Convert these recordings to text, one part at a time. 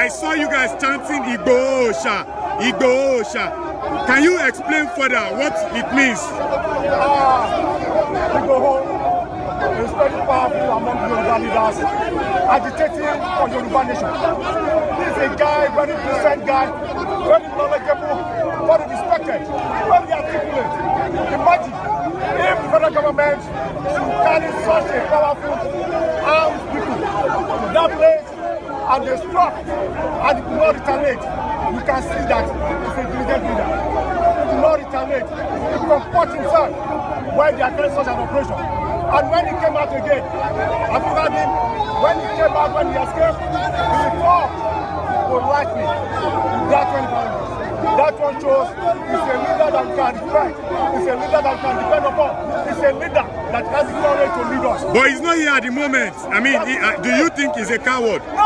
I saw you guys chanting Igosha, Igosha. Can you explain further what it means? Ah, Igboho is very powerful among Yoruba leaders, agitating for Yoruba nation. He's a guy, very decent guy, very knowledgeable, very respected, very articulate. not, and he did not retaliate, you can see that it's a diligent leader. He did not retaliate. He comported himself when they are carrying such an operation. And when he came out again, I've heard him, when he came out, when he escaped, he fought for lightly. That one That one shows he's a leader that can fight. He's a leader that can depend upon. He's a leader that has the courage to lead us. But he's not here at the moment. I mean, he, uh, do you think he's a coward? No,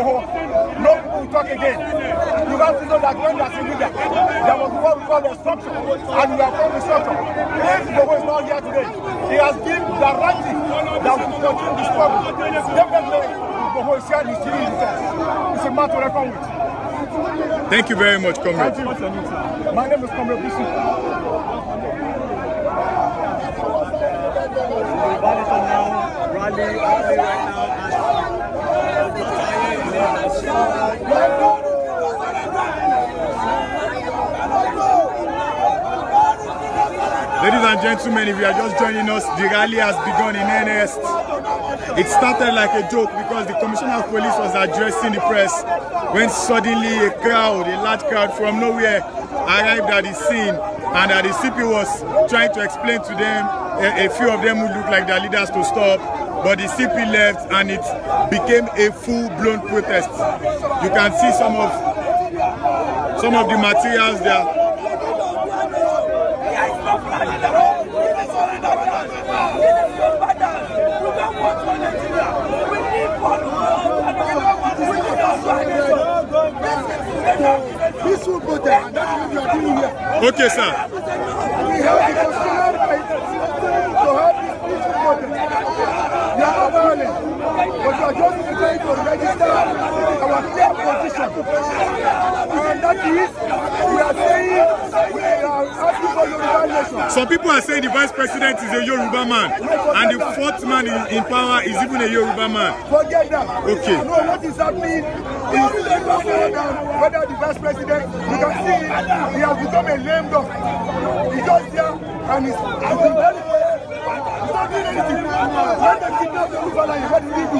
No people will talk again. You have to know that when leader, there was what we call structure, and are from the structure. If the is not here today, he has been the right that will continue the struggle. Definitely, the whole is It's a matter with. Thank you very much, comrade. My name is Comrade Bisi. Rally, rally right now. Ladies and gentlemen, if you are just joining us, the rally has begun in earnest. It started like a joke because the commissioner of police was addressing the press when suddenly a crowd, a large crowd from nowhere, arrived at the scene and uh, the CP was trying to explain to them, a, a few of them who looked like their leaders to stop, but the CP left and it became a full-blown protest. You can see some of some of the materials there. for peaceful protest, and that's what we are doing here. Okay, sir. We have the constitutional right to have this peaceful protest. We are violent, but we are just trying to register our clear position. And that is, we are saying Some people are saying the vice president is a Yoruba man, and the fourth man in, in power is even a Yoruba man. Forget that. Okay. No, what is happening whether the vice president, you can see he has become a lame dog. He's just here and he's, he's been He's not doing anything. When they kidnap the Ufalayi, what did he do?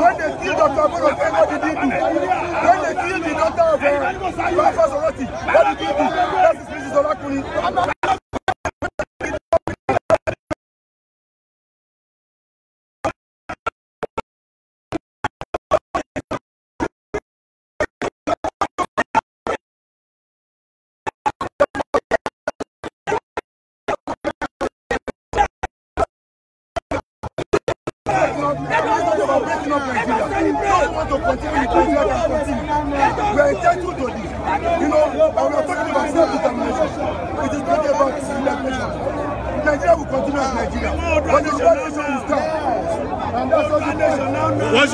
When they killed Dr. Aborofe, what did he do? When they killed the daughter of uh, Professor Rossi, what did he do? That's his Mrs. Olakuni. What's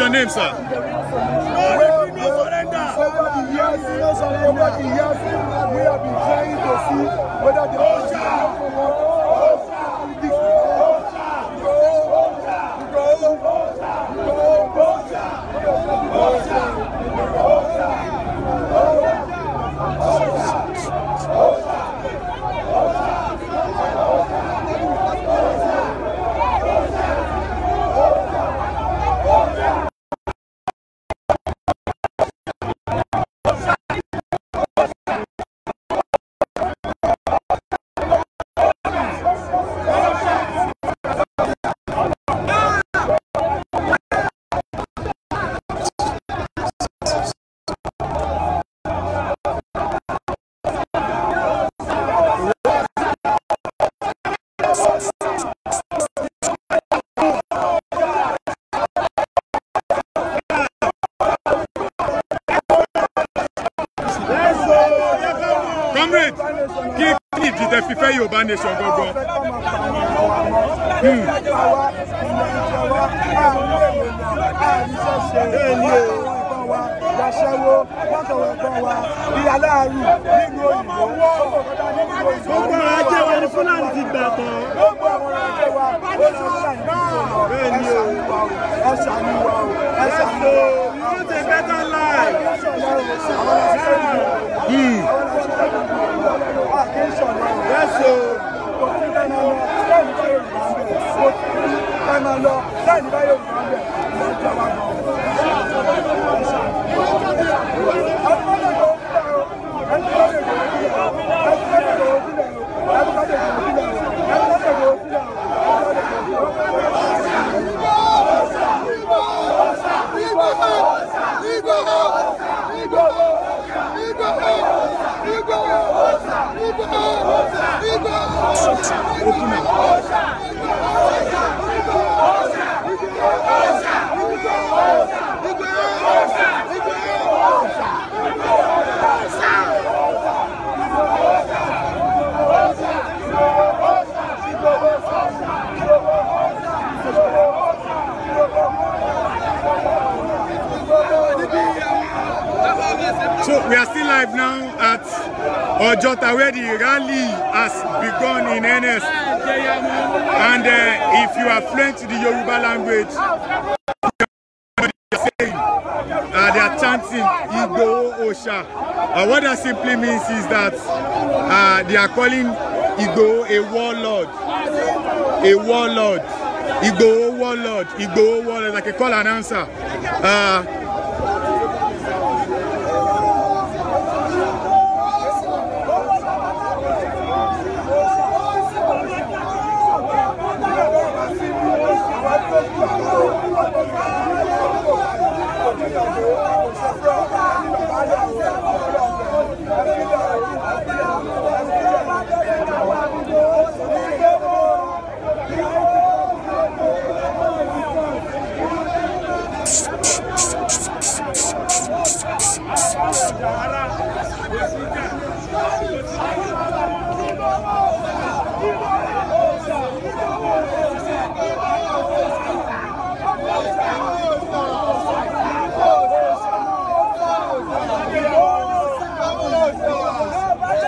your name, sir? Well, no surrender. Over the years, over the years, we have been trying to see whether the oh, Yeah. nation gangan. bẹ́ẹ̀ni o yàṣẹ́wó wọ́sọ̀rọ̀ ẹ̀gbọ́n wa ìyáláàrú nílùú òyìnbó gbogbo ara hmm. jẹ́ wa ni fúlàní ti gbà tán. gbogbo ara jẹ́ wa ó sọ fúlàní tó sọ bẹ́ẹ̀ni o ẹ̀sà ni wa o ẹ̀sà ni o. you want a better life education náà. kò sí fẹ́ lọ sẹ́yìn bá Yorùbá ń bẹ̀ kò sí fẹ́ lọ sẹ́yìn bá Yorùbá ń bẹ̀ lọ́jọ́ wa gan Open up. So we are still live now at Ojota where the rally has begun in earnest. And uh, if you are fluent in the Yoruba language, they uh, they are chanting Igbo Osha. Uh, what that simply means is that uh, they are calling Igbo a warlord. A warlord. Igbo warlord. Igbo warlord. Like a call and answer. Uh,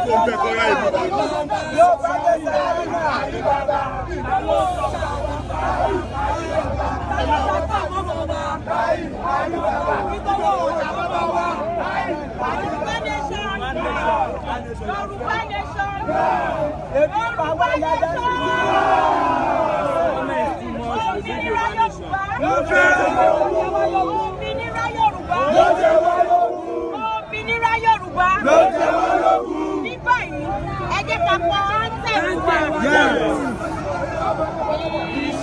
tó ń bẹ kọ́ra ìlú. yóò bá tẹ̀sẹ̀ àríwá àríwá bá àwọn ọ̀sán àríwá àríwá bá àwọn ọ̀sán àríwá bá nítorí ọ̀sán bàbá wa àríwá nation yorùbá nation yorùbá nation òmìnira yorùbá òmìnira yorùbá.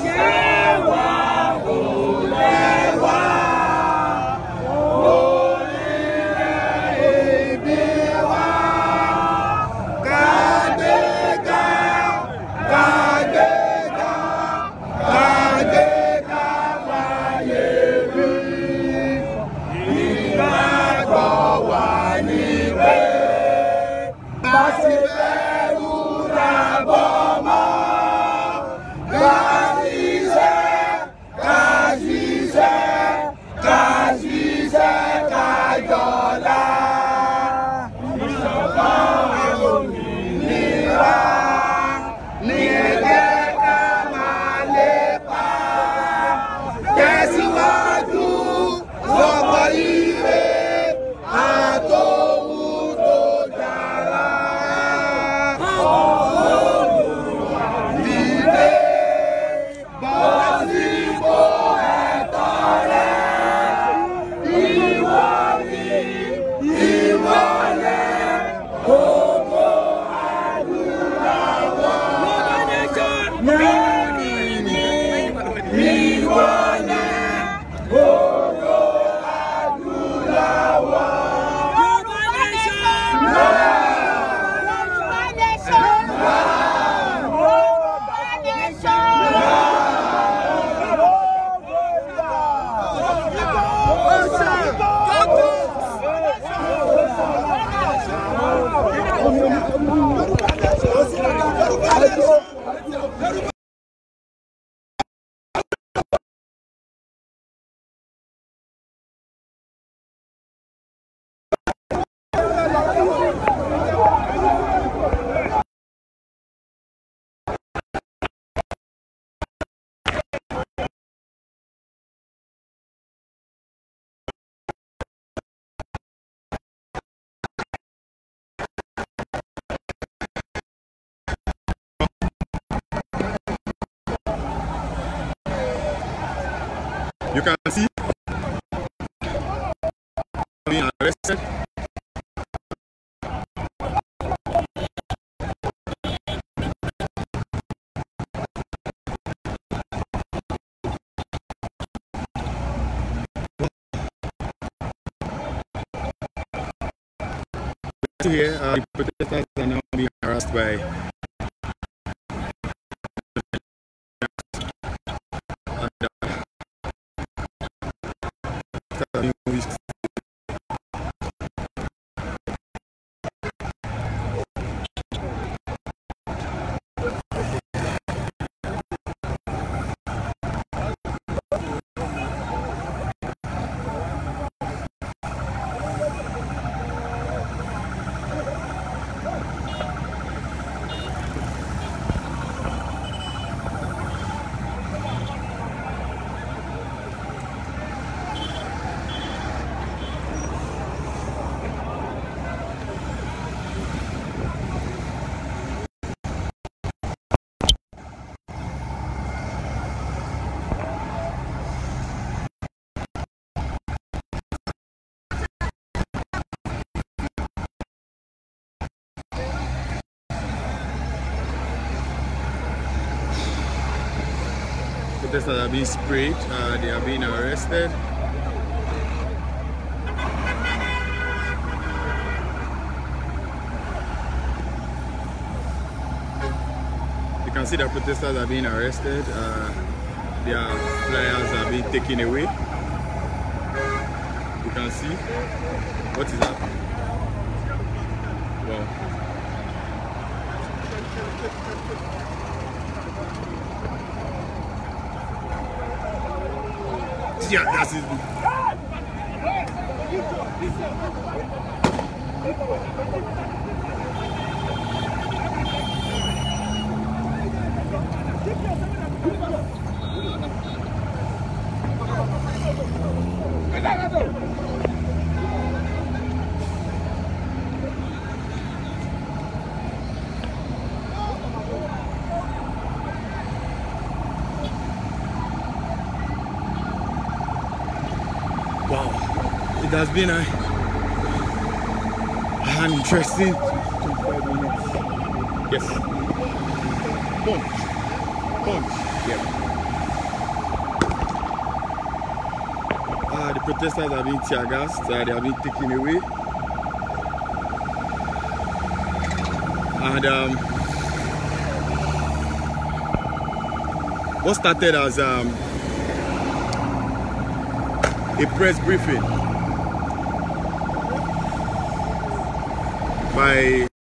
Yes. You can see being arrested. Here, uh, protesters are now being harassed by protesters are being sprayed, uh, they are being arrested. You can see that protesters are being arrested, uh, their flyers are being taken away. You can see what is happening. Well. Yeah, that's it. has been a, an interesting Yes. Punch. Punch. Yeah. Uh, the protesters have been tear gassed, uh, ah, they have been taken away. And um, what started as um, a press briefing 拜。